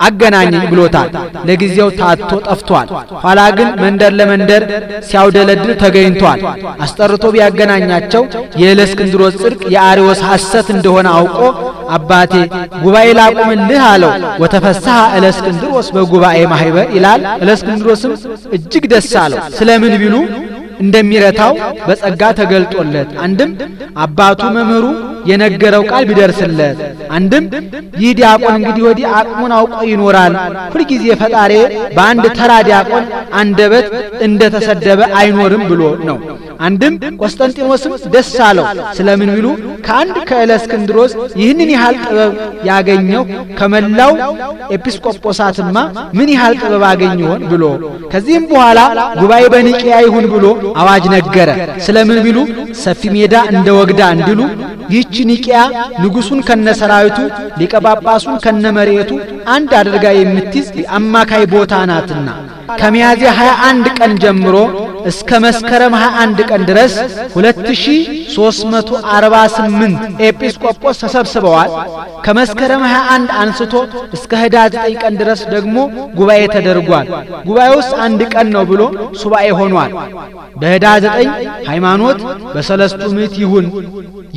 አገናኘኝ ብሎታል። ለጊዜው ታቶ ጠፍቷል። ኋላ ግን መንደር ለመንደር ሲያውደለድል ተገኝቷል። አስጠርቶ ቢያገናኛቸው የለስክንድሮ ጽድቅ የአሪዎስ ሐሰት እንደሆነ አውቆ አባቴ ጉባኤ ላቁምልህ አለው። ወተፈሳሐ እለእስክንድሮስ በጉባኤ ማህበር ይላል። እለስክንድሮስም እጅግ ደስ አለው። ስለምን ቢሉ እንደሚረታው በጸጋ ተገልጦለት አንድም አባቱ መምህሩ የነገረው ቃል ቢደርስለት፣ አንድም ይህ ዲያቆን እንግዲህ ወዲህ አቅሙን አውቆ ይኖራል። ሁልጊዜ ፈጣሪ በአንድ ተራ ዲያቆን አንደበት እንደተሰደበ አይኖርም ብሎ ነው። አንድም ቆስጠንጢኖስም ደስ አለው። ስለምን ቢሉ ከአንድ ከእለእስክንድሮስ ይህንን ያህል ጥበብ ያገኘው ከመላው ኤጲስቆጶሳትማ ምን ያህል ጥበብ አገኘ ይሆን ብሎ ከዚህም በኋላ ጉባኤ በኒቅያ ይሁን ብሎ አዋጅ ነገረ። ስለምን ቢሉ ሰፊ ሜዳ እንደ ወግዳ እንዲሉ ይህ ይህች ኒቂያ ንጉሱን ከነሰራዊቱ ሊቀጳጳሱን ከነመሬቱ አንድ አድርጋ የምትይዝ የአማካይ ቦታ ናትና ከሚያዝያ 21 ቀን ጀምሮ እስከ መስከረም 21 ቀን ድረስ 2348 ኤጲስቆጶስ ተሰብስበዋል። ከመስከረም 21 አንስቶ እስከ ህዳር 9 ቀን ድረስ ደግሞ ጉባኤ ተደርጓል። ጉባኤ ውስጥ አንድ ቀን ነው ብሎ ሱባኤ ሆኗል። በህዳር 9 ሃይማኖት በሰለስቱ ምዕት ይሁን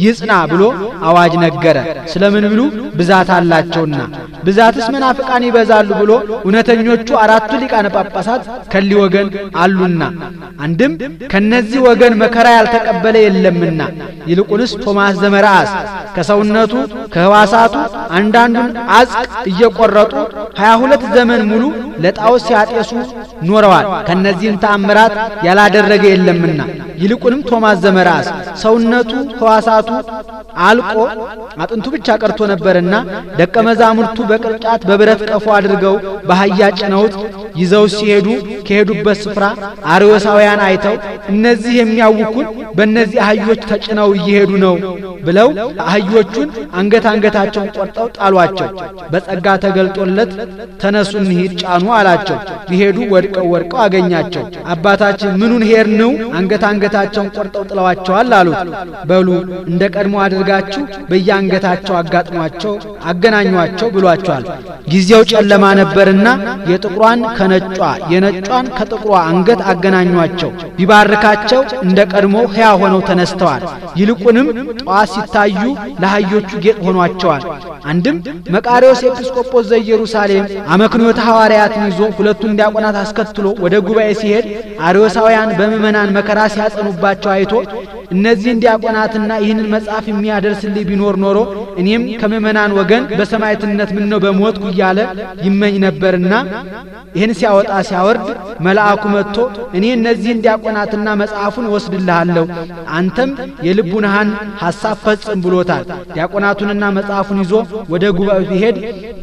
ይጽና ብሎ አዋጅ ነገረ። ስለምን ብሉ ብዛት አላቸውና ብዛትስ መናፍቃን ይበዛሉ ብሎ እውነተኞቹ አራቱ ሊቃነ ጳጳስ ጳጳሳት ከሊ ወገን አሉና አንድም ከነዚህ ወገን መከራ ያልተቀበለ የለምና ይልቁንስ ቶማስ ዘመራስ ከሰውነቱ ከህዋሳቱ አንዳንዱን አጽቅ እየቆረጡ 22 ዘመን ሙሉ ለጣዖት ሲያጤሱ ኖረዋል። ከነዚህም ተአምራት ያላደረገ የለምና ይልቁንም ቶማስ ዘመራስ ሰውነቱ ህዋሳቱ አልቆ አጥንቱ ብቻ ቀርቶ ነበርና ደቀ መዛሙርቱ በቅርጫት በብረት ቀፎ አድርገው በአህያ ጭነውት ይዘው ሲሄዱ ከሄዱበት ስፍራ አርዮሳውያን አይተው እነዚህ የሚያውኩን በእነዚህ አህዮች ተጭነው እየሄዱ ነው ብለው አህዮቹን አንገት አንገታቸውን ቆርጠው ጣሏቸው። በጸጋ ተገልጦለት ተነሱ እንሂድ ጫኑ አላቸው። ሊሄዱ ወድቀው ወድቀው አገኛቸው። አባታችን ምኑን ሄር ነው አንገት አንገታቸውን ቆርጠው ጥለዋቸዋል አሉት። በሉ እንደ ቀድሞ አድርጋችሁ በየአንገታቸው አጋጥሟቸው አገናኟቸው ብሏቸዋል። ጊዜው ጨለማ ነበርና የጥቁሯን ከነጯ የነጯን ከጥቁሯ አንገት አገናኟቸው። ቢባርካቸው እንደ ቀድሞ ሕያ ሆነው ተነስተዋል። ይልቁንም ጠዋት ሲታዩ ለአህዮቹ ጌጥ ሆኗቸዋል። አንድም መቃሪዎስ ኤጲስቆጶስ ዘኢየሩሳሌም አመክንዮተ ሐዋርያትን ይዞ ሁለቱን ዲያቆናት አስከትሎ ወደ ጉባኤ ሲሄድ አርዮሳውያን በምመናን መከራ ሲያጸኑባቸው አይቶ እነዚህን ዲያቆናትና ይህንን መጽሐፍ የሚያደርስልኝ ቢኖር ኖሮ እኔም ከምእመናን ወገን በሰማዕትነት ምን ነው በሞትኩ እያለ ይመኝ ነበርና ይህን ሲያወጣ ሲያወርድ መልአኩ መጥቶ እኔ እነዚህን ዲያቆናትና መጽሐፉን ወስድልሃለሁ፣ አንተም የልቡንሃን ሐሳብ ፈጽም ብሎታል። ዲያቆናቱንና መጽሐፉን ይዞ ወደ ጉባኤ ቢሄድ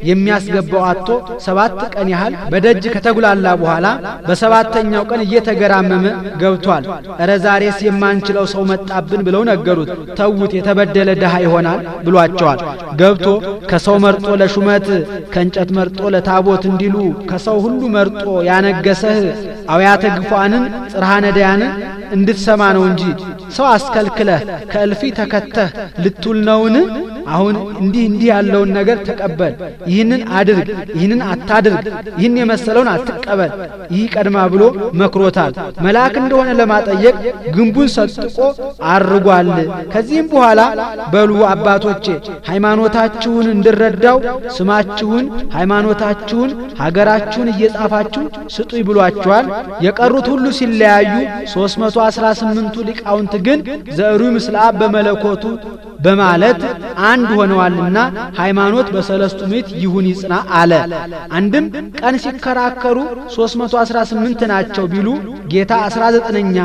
የሚያስገባው አቶ ሰባት ቀን ያህል በደጅ ከተጉላላ በኋላ በሰባተኛው ቀን እየተገራመመ ገብቷል። ረዛሬስ የማንችለው ሰው መጣብን ብለው ነገሩት። ተዉት የተበደለ ድሃ ይሆናል ብሏቸዋል። ገብቶ ከሰው መርጦ ለሹመት ከእንጨት መርጦ ለታቦት እንዲሉ ከሰው ሁሉ መርጦ ያነገሰህ አውያተ ግፏንን ጽርሃ ነዳያንን እንድትሰማ ነው እንጂ ሰው አስከልክለህ ከእልፊ ተከተህ ልትውል ነውን? አሁን እንዲህ እንዲህ ያለውን ነገር ተቀበል፣ ይህንን አድርግ፣ ይህንን አታድርግ፣ ይህን የመሰለውን አትቀበል፣ ይህ ቀድማ ብሎ መክሮታል። መልአክ እንደሆነ ለማጠየቅ ግንቡን ሰጥቆ አርጓል። ከዚህም በኋላ በሉ አባቶቼ ሃይማኖታችሁን እንድረዳው ስማችሁን፣ ሃይማኖታችሁን፣ ሀገራችሁን እየጻፋችሁ ስጡ ብሏቸዋል። የቀሩት ሁሉ ሲለያዩ 300 አስራ ስምንቱ ሊቃውንት ግን ዘሩ ምስለ አብ በመለኮቱ በማለት አንድ ሆነዋልና ሃይማኖት በሰለስቱ ምዕት ይሁን ይጽና አለ። አንድም ቀን ሲከራከሩ 318 ናቸው ቢሉ ጌታ 19ኛ፣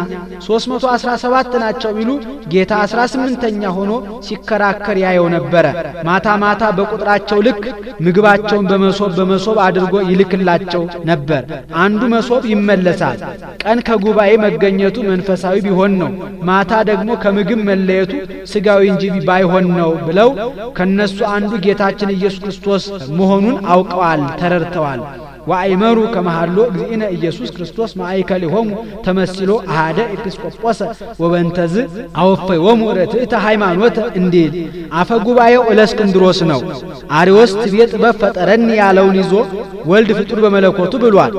317 ናቸው ቢሉ ጌታ 18ኛ ሆኖ ሲከራከር ያየው ነበረ። ማታ ማታ በቁጥራቸው ልክ ምግባቸውን በመሶብ በመሶብ አድርጎ ይልክላቸው ነበር። አንዱ መሶብ ይመለሳል። ቀን ከጉባኤ መገኘቱ መንፈሳዊ ቢሆን ነው፣ ማታ ደግሞ ከምግብ መለየቱ ስጋዊ እንጂ ባይሆን ነው ብለው ከነሱ አንዱ ጌታችን ኢየሱስ ክርስቶስ መሆኑን አውቀዋል፣ ተረድተዋል። ወአይመሩ ከመሃሎ እግዚእነ ኢየሱስ ክርስቶስ ማእከሊሆሙ ተመስሎ አሃደ ኤጲስቆጶሰ ወበንተዝ አወፈዮሙ ርትዕተ ሃይማኖተ እንዲል አፈ ጉባኤው እለእስክንድሮስ ነው። አርዮስ ትቤ ጥበብ ፈጠረኒ ያለውን ይዞ ወልድ ፍጡር በመለኮቱ ብሏል።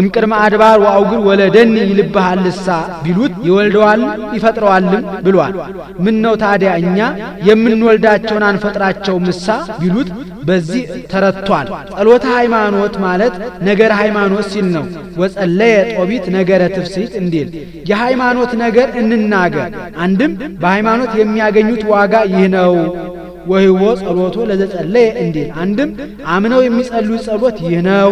እምቅድመ አድባር ወአውግር ወለደኒ ይልብሃልሳ ቢሉት ይወልደዋል ይፈጥረዋልም ብሏል። ምን ነው ታዲያ እኛ የምንወልዳቸውን አንፈጥራቸው ምሳ ቢሉት በዚህ ተረቷል። ጸሎተ ሃይማኖት ማለት ነገር ሃይማኖት ሲል ነው። ወጸለየ ጦቢት ነገረ ትፍሲት እንዲል የሃይማኖት ነገር እንናገር። አንድም በሃይማኖት የሚያገኙት ዋጋ ይህ ነው። ወይዎ ጸሎቶ ለዘጸለየ እንዲል አንድም አምነው የሚጸሉ ጸሎት ይህ ነው።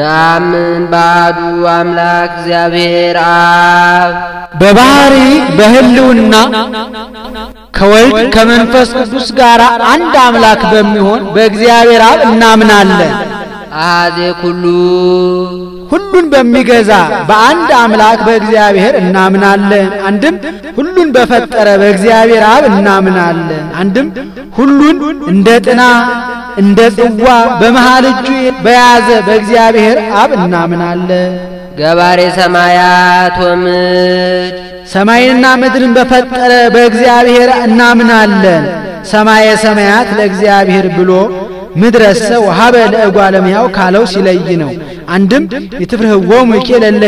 ናምን ባዱ አምላክ እግዚአብሔር አብ በባህሪ በህልውና ከወልድ ከመንፈስ ቅዱስ ጋር አንድ አምላክ በሚሆን በእግዚአብሔር አብ እናምናለን። አዜ ኩሉ ሁሉን በሚገዛ በአንድ አምላክ በእግዚአብሔር እናምናለን። አንድም ሁሉን በፈጠረ በእግዚአብሔር አብ እናምናለን። አንድም ሁሉን እንደ ጥና እንደ ጽዋ በመሃል እጁ በያዘ በእግዚአብሔር አብ እናምናለን። ገባሬ ሰማያት ወምድ ሰማይንና ምድርን በፈጠረ በእግዚአብሔር እናምናለን። ሰማየ ሰማያት ለእግዚአብሔር ብሎ ምድረሰ ወሃበ ለእጓለም ያው ካለው ሲለይ ነው። አንድም የትፍርህዎሙ ይቄለ እለ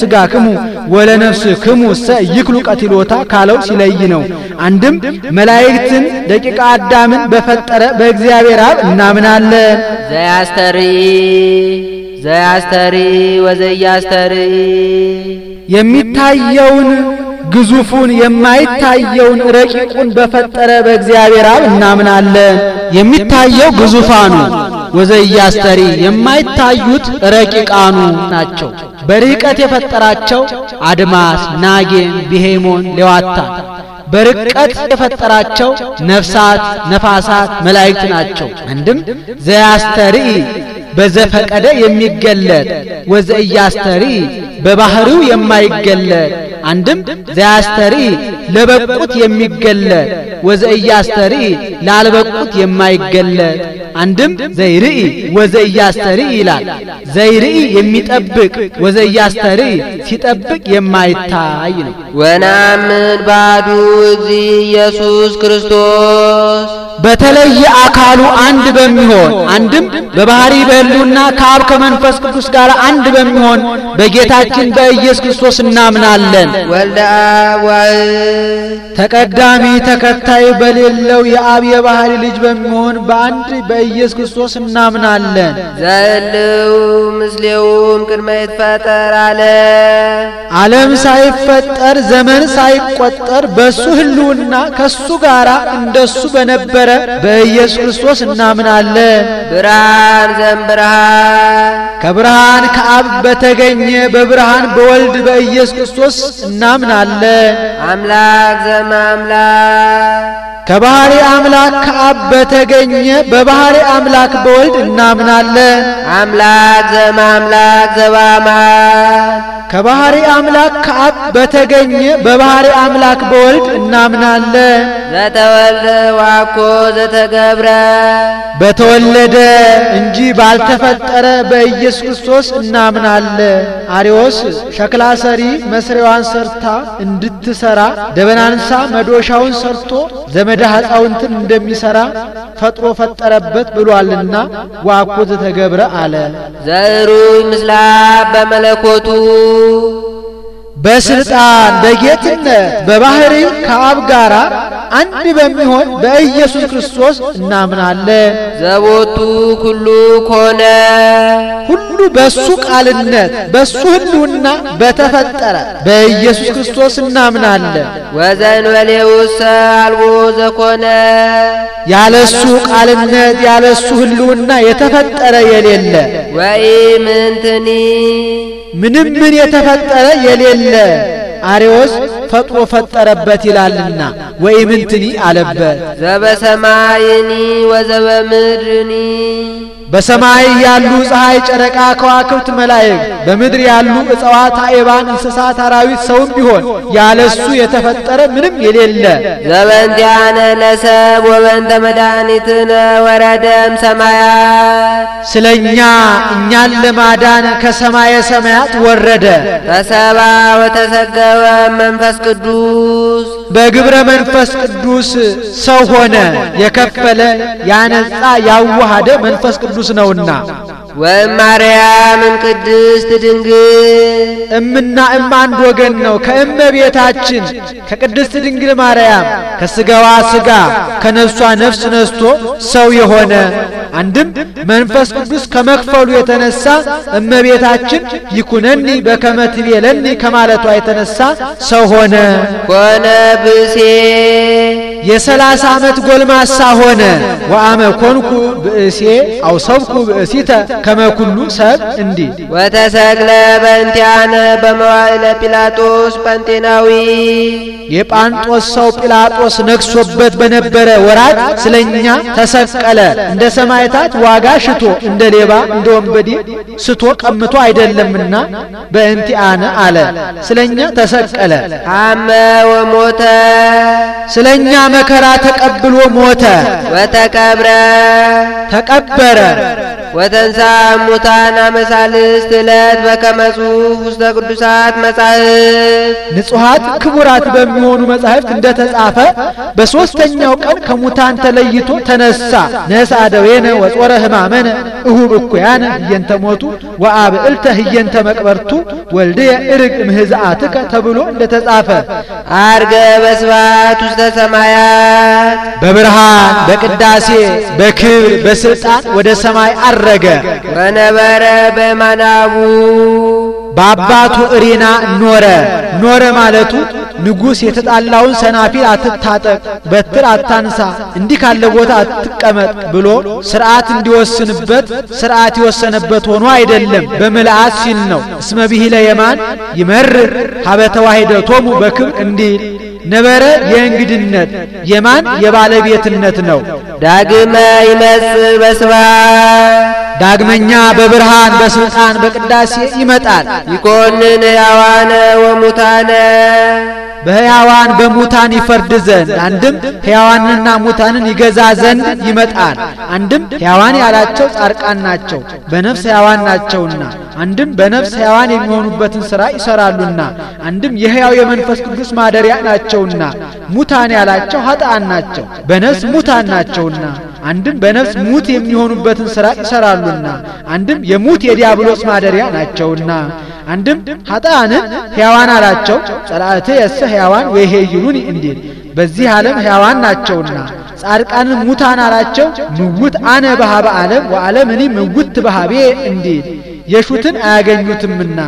ስጋ ክሙ ወለ ነፍስክሙ እሰ ይክሉ ቀትሎታ ካለው ሲለይ ነው። አንድም መላእክትን ደቂቃ አዳምን በፈጠረ በእግዚአብሔር አብ እናምናለን። ዘያስተሪ ዘያስተሪ ወዘያስተሪ የሚታየውን ግዙፉን የማይታየውን ረቂቁን በፈጠረ በእግዚአብሔር አብ እናምናለን። የሚታየው ግዙፋኑ ወዘያስተሪ የማይታዩት ረቂቃኑ ናቸው። በርቀት የፈጠራቸው አድማስ፣ ናጌን ቢሄሞን፣ ሌዋታ በርቀት የፈጠራቸው ነፍሳት፣ ነፋሳት፣ መላእክት ናቸው። አንድም ዘያስተሪ በዘፈቀደ የሚገለጥ ወዘእያስተሪ በባህሪው የማይገለጥ አንድም ዘያስተሪ ለበቁት የሚገለጥ ወዘእያስተሪ ላልበቁት የማይገለጥ አንድም ዘይርኢ ወዘእያስተሪ ይላል። ዘይርኢ የሚጠብቅ ወዘእያስተሪ ሲጠብቅ የማይታይ ነው። ወናምን ባዱ እግዚእ ኢየሱስ ክርስቶስ በተለየ አካሉ አንድ በሚሆን አንድም በባህሪ በሉና ከአብ ከመንፈስ ቅዱስ ጋር አንድ በሚሆን በጌታችን በኢየሱስ ክርስቶስ እናምናለን። ተቀዳሚ ተከታይ በሌለው የአብ የባህሪ ልጅ በሚሆን በአንድ በኢየሱስ ክርስቶስ እናምናለን። ዘልው ምስሌውም ቅድመ ይትፈጠር አለ ዓለም ሳይፈጠር ዘመን ሳይቆጠር በእሱ ህልውና ከእሱ ጋር እንደሱ በነበረ በተጀመረ በኢየሱስ ክርስቶስ እናምናለን። ብርሃን ዘእምብርሃን ከብርሃን ከአብ በተገኘ በብርሃን በወልድ በኢየሱስ ክርስቶስ እናምናለን። አምላክ ዘእምአምላክ ከባህሪ አምላክ ከአብ በተገኘ በባህሪ አምላክ በወልድ እናምናለን። አምላክ ዘማምላክ ዘባማ ከባህሪ አምላክ ከአብ በተገኘ በባህሪ አምላክ በወልድ እናምናለን። ዘተወልደ ዋኮ ዘተገብረ በተወለደ እንጂ ባልተፈጠረ በኢየሱስ ክርስቶስ እናምናለን። አሪዎስ ሸክላ ሰሪ መስሪዋን ሰርታ እንድትሰራ ደበናንሳ መዶሻውን ሰርቶ ዘመድ ለድሃ ሕፃውንትን እንደሚሰራ ፈጥሮ ፈጠረበት ብሏልና ዋኮ ተገብረ አለ ዘሩ ምስላ በመለኮቱ በስልጣን በጌትነት በባህሪ ከአብ ጋር አንድ በሚሆን በኢየሱስ ክርስቶስ እናምናለን። ዘቦቱ ሁሉ ኮነ ሁሉ በሱ ቃልነት በሱ ህልውና በተፈጠረ በኢየሱስ ክርስቶስ እናምናለን። ወዘንበሌውሰ አልቦ ዘኮነ ያለሱ ቃልነት ያለሱ ህልውና የተፈጠረ የሌለ ወይ ምንትኒ ምንም ምን የተፈጠረ የሌለ አሬዎስ ፈጥሮ ፈጠረበት ይላልና ወኢምንትኒ አለበት ዘበሰማይኒ ወዘበምድርኒ በሰማይ ያሉ ፀሐይ፣ ጨረቃ፣ ከዋክብት፣ መላእክት፣ በምድር ያሉ እጽዋት፣ አእባን፣ እንስሳት፣ አራዊት፣ ሰውም ቢሆን ያለሱ የተፈጠረ ምንም የሌለ ዘበንቲያነ ለሰብ ወበንተ መድኃኒትነ ወረደም ሰማያት ስለኛ እኛን ለማዳን ከሰማየ ሰማያት ወረደ ተሰባ ወተሰገበ መንፈስ ቅዱስ በግብረ መንፈስ ቅዱስ ሰው ሆነ። የከፈለ ያነጻ፣ ያዋሃደ መንፈስ ቅዱስ ነውና ወማርያም ቅድስት ድንግል እምና እም አንድ ወገን ነው። ከእመቤታችን ከቅድስት ድንግል ማርያም ከስጋዋ ስጋ ከነፍሷ ነፍስ ነስቶ ሰው የሆነ አንድም መንፈስ ቅዱስ ከመክፈሉ የተነሳ እመቤታችን ይኩነኒ በከመ ትቤለኒ ከማለቷ የተነሳ ሰው ሆነ ኮነ ብሴ የሰላሳ ዓመት ጎልማሳ ሆነ። ወአመ ኮንኩ ብእሴ አውሰብኩ ብእሲተ ከመኩሉ ሰብ እንዲ ወተሰቅለ በእንቲአነ በመዋዕለ ጲላጦስ ጳንጤናዊ የጳንጦስ ሰው ጲላጦስ ነግሶበት በነበረ ወራት ስለኛ ተሰቀለ። እንደ ሰማዕታት ዋጋ ሽቶ እንደ ሌባ እንደ ወንበዴ ስቶ ቀምቶ አይደለምና በእንቲአነ አለ ስለኛ ተሰቀለ። አመ ወሞተ ስለኛ መከራ ተቀብሎ ሞተ ወተቀብረ ተቀበረ وتنسام متانا مسالس تلات بك مسوف استقرد سات مسالس نسوهات كمرات بميون مسالس تندت اسعافة بس وستنوك او كمتان تليتو تنسا نسا دوينة وزورة همامنة اهو بكيانة ينت موتو وعاب التا هي ينت مكبرتو والدية ارق مهزاتك تبلو لت اسعافة عرق بسوات استسمايات ببرهان بكداسي بكير بسلطان وده سماي عرق አደረገ። ወነበረ በመናቡ በአባቱ እሪና ኖረ። ኖረ ማለቱ ንጉሥ የተጣላውን ሰናፊል አትታጠቅ፣ በትር አታንሳ፣ እንዲህ ካለ ቦታ አትቀመጥ ብሎ ስርዓት እንዲወስንበት ስርዓት የወሰነበት ሆኖ አይደለም፣ በምልአት ሲል ነው። እስመ ብሂለ የማን ይመርር ቶሙ በክብር እንዲል ነበረ የእንግድነት የማን የባለቤትነት ነው። ዳግመ ይመጽእ በስባ ዳግመኛ በብርሃን በስልጣን በቅዳሴ ይመጣል። ይኮንን ያዋነ ወሙታነ በሕያዋን በሙታን ይፈርድ ዘንድ አንድም ህያዋንና ሙታንን ይገዛ ዘንድ ይመጣል። አንድም ሕያዋን ያላቸው ጻድቃን ናቸው፣ በነፍስ ሕያዋን ናቸውና አንድም በነፍስ ሕያዋን የሚሆኑበትን ሥራ ይሠራሉና አንድም የሕያው የመንፈስ ቅዱስ ማደሪያ ናቸውና ሙታን ያላቸው ኀጣን ናቸው፣ በነፍስ ሙታን ናቸውና አንድም በነፍስ ሙት የሚሆኑበትን ሥራ ይሠራሉና አንድም የሙት የዲያብሎስ ማደሪያ ናቸውና አንድም ሀጣአን ሕያዋን አላቸው ጸላእት የሰ ሕያዋን ወይሄይሉን እንዲል በዚህ ዓለም ሕያዋን ናቸውና ጻድቃን ሙታን አላቸው ምውት አነ በሃበ ዓለም ወዓለም እኔ ምውት በሃቤ እንዲል የሹትን አያገኙትምና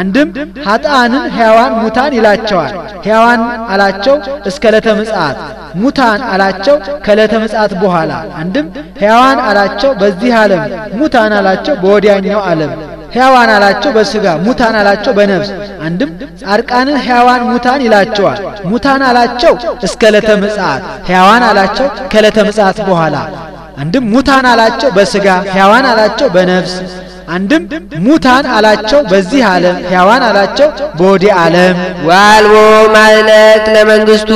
አንድም ሀጣአንን ሕያዋን ሙታን ይላቸዋል። ሕያዋን አላቸው እስከ ለተ ምጽአት፣ ሙታን አላቸው ከለተ ምጻት በኋላ። አንድም ሕያዋን አላቸው በዚህ ዓለም፣ ሙታን አላቸው በወዲያኛው ዓለም ሕያዋን አላቸው በስጋ ሙታን አላቸው በነብስ አንድም ጻድቃንን ሕያዋን ሙታን ይላቸዋል ሙታን አላቸው እስከ ለተ ምጽአት ሕያዋን አላቸው ከለተ ምጽአት በኋላ አንድም ሙታን አላቸው በስጋ ሕያዋን አላቸው በነብስ አንድም ሙታን አላቸው በዚህ ዓለም ሕያዋን አላቸው በወዲ ዓለም ዋልቦ ማለት ለመንግስቱ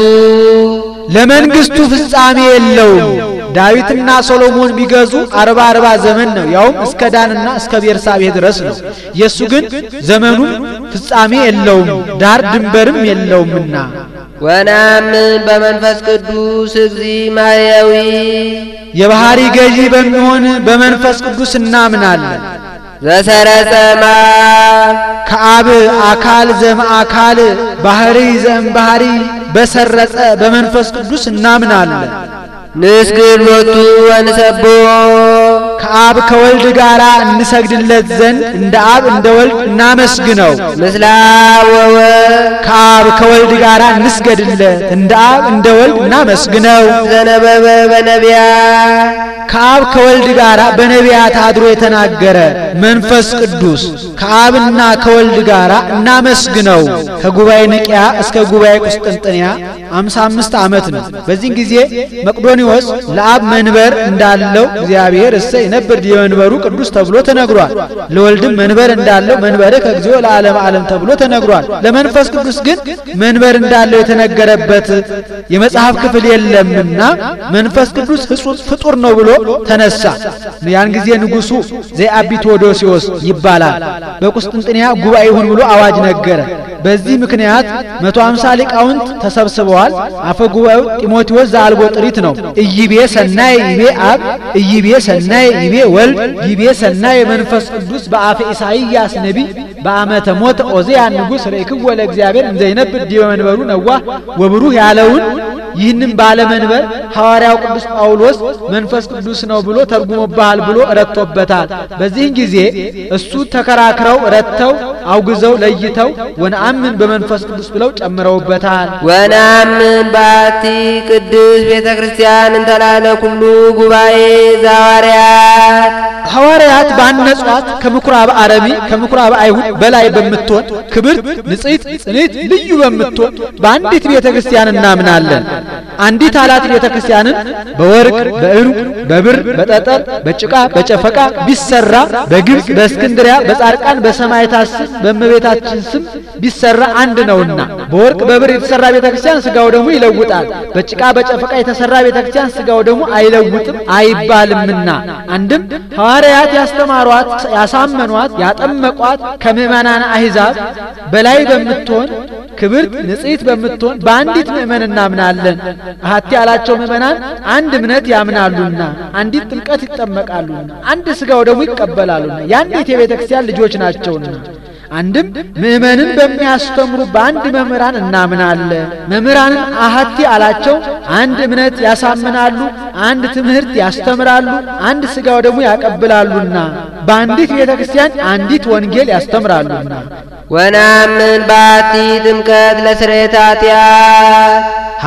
ለመንግስቱ ፍጻሜ የለውም ዳዊትና ሶሎሞን ቢገዙ አርባ አርባ ዘመን ነው፣ ያውም እስከ ዳንና እስከ ቤርሳቤ ድረስ ነው። የእሱ ግን ዘመኑ ፍጻሜ የለውም ዳር ድንበርም የለውምና ወናምን በመንፈስ ቅዱስ እግዚ ማያዊ የባህሪ ገዢ በሚሆን በመንፈስ ቅዱስ እናምናለን። ዘሰረጸማ ከአብ አካል ዘም አካል ባህሪ ዘም ባህሪ በሰረጸ በመንፈስ ቅዱስ እናምናለን። نسكر نتو ونسبو ከአብ ከወልድ ጋር እንሰግድለት ዘንድ እንደ አብ እንደ ወልድ እናመስግነው። ምስላ ከአብ ከወልድ ጋር እንስገድለት እንደ አብ እንደ ወልድ እናመስግነው። ዘነበበ በነቢያ ከአብ ከወልድ ጋር በነቢያት አድሮ የተናገረ መንፈስ ቅዱስ ከአብና ከወልድ ጋር እናመስግነው። ከጉባኤ ንቅያ እስከ ጉባኤ ቁስጥንጥንያ አምስት ዓመት ነው። በዚህን ጊዜ መቅዶኒዎስ ለአብ መንበር እንዳለው እግዚአብሔር እሰይ ነበር የመንበሩ ቅዱስ ተብሎ ተነግሯል። ለወልድም መንበር እንዳለው መንበረ ከእግዚኦ ለዓለም ዓለም ተብሎ ተነግሯል። ለመንፈስ ቅዱስ ግን መንበር እንዳለው የተነገረበት የመጽሐፍ ክፍል የለምና መንፈስ ቅዱስ ፍጡር ነው ብሎ ተነሳ። ያን ጊዜ ንጉሱ ዘይአቢ ቴዎዶሲዎስ ይባላል። በቁስጥንጥንያ ጉባኤ ይሁን ብሎ አዋጅ ነገረ። በዚህ ምክንያት መቶ አምሳ ሊቃውንት ተሰብስበዋል። አፈ ጉባኤው ጢሞቴዎስ ዘአልቦ ጥሪት ነው። እይቤ ሰናይ ይቤ አብ እይቤ ሰናይ ይቤ ወልድ ጊቤ ሰናይ የመንፈስ ቅዱስ በአፈ ኢሳይያስ ነቢ በአመተ ሞት ኦዜያ ንጉሥ ወለ እግዚአብሔር እንዘይነብር ዲበ መንበሩ ነዋ ወብሩህ ያለውን ይህንም ባለመንበር ሐዋርያው ቅዱስ ጳውሎስ መንፈስ ቅዱስ ነው ብሎ ተርጉሞብሃል ብሎ ረቶበታል። በዚህን ጊዜ እሱ ተከራክረው ረተው አውግዘው ለይተው ወነአምን በመንፈስ ቅዱስ ብለው ጨምረውበታል። ወነአምን ባቲ ቅዱስ ቤተ ክርስቲያን እንተላለ ኩሉ ጉባኤ ዘሐዋርያት ሐዋርያት ባነጿት ከምኩራብ አረሚ ከምኩራብ አይሁድ በላይ በምትሆን ክብርት፣ ንጽሕት፣ ጽኔት ልዩ በምትሆን በአንዲት ቤተ ክርስቲያን እናምናለን። አንዲት አላት ቤተ ክርስቲያንን በወርቅ በዕንቁ በብር በጠጠር በጭቃ በጨፈቃ ቢሰራ በግብፅ በእስክንድሪያ በጻርቃን በሰማይታስ በእመቤታችን ስም ቢሰራ አንድ ነውና በወርቅ በብር የተሰራ ቤተክርስቲያን ስጋው ደግሞ ይለውጣል፣ በጭቃ በጨፈቃ የተሰራ ቤተክርስቲያን ስጋው ደግሞ አይለውጥም አይባልምና አንድም ሐዋርያት ያስተማሯት ያሳመኗት ያጠመቋት ከምእመናን አሕዛብ በላይ በምትሆን ክብርት ንጽሕት በምትሆን በአንዲት ምእመን እናምናለን። አሀቲ ያላቸው ምእመናን አንድ እምነት ያምናሉና አንዲት ጥምቀት ይጠመቃሉና አንድ ስጋው ደግሞ ይቀበላሉና የአንዲት የቤተ ክርስቲያን ልጆች ናቸውና አንድም ምእመንን በሚያስተምሩ በአንድ መምህራን እናምናለን። መምህራንን አህቲ አላቸው። አንድ እምነት ያሳምናሉ፣ አንድ ትምህርት ያስተምራሉ፣ አንድ ስጋ ደግሞ ያቀብላሉና በአንዲት ቤተ ክርስቲያን አንዲት ወንጌል ያስተምራሉና ወናምን ባቲ ጥምቀት ለስርየት ኃጢአት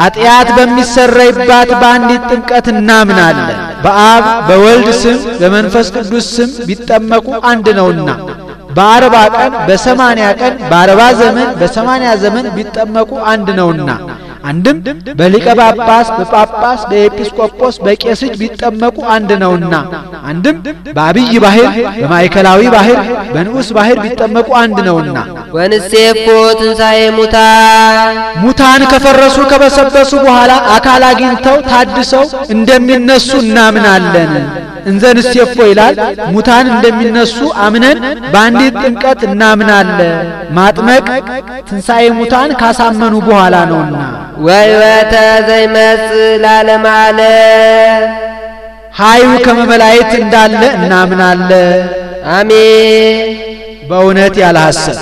ኃጢአት በሚሰረይባት በአንዲት ጥምቀት እናምናለን። በአብ በወልድ ስም በመንፈስ ቅዱስ ስም ቢጠመቁ አንድ ነውና በአርባ ቀን በሰማንያ ቀን በአርባ ዘመን በሰማንያ ዘመን ቢጠመቁ አንድ ነውና አንድም በሊቀ ጳጳስ፣ በጳጳስ፣ በኤጲስቆጶስ፣ በቄስጅ ቢጠመቁ አንድ ነውና፣ አንድም በአብይ ባህር፣ በማዕከላዊ ባህር፣ በንዑስ ባህር ቢጠመቁ አንድ ነውና ወንሴፎ ትንሣኤ ሙታን ሙታን ከፈረሱ ከበሰበሱ በኋላ አካል አግኝተው ታድሰው እንደሚነሱ እናምናለን። እንዘንሴፎ ይላል ሙታን እንደሚነሱ አምነን በአንዲት ጥምቀት እናምናለን። ማጥመቅ ትንሣኤ ሙታን ካሳመኑ በኋላ ነውና ወሕይወተ ዘይመጽእ ለዓለመ አለ ኃይሉ ከመመላየት እንዳለ እናምናለ። አሜን። በእውነት ያለ ሐሰት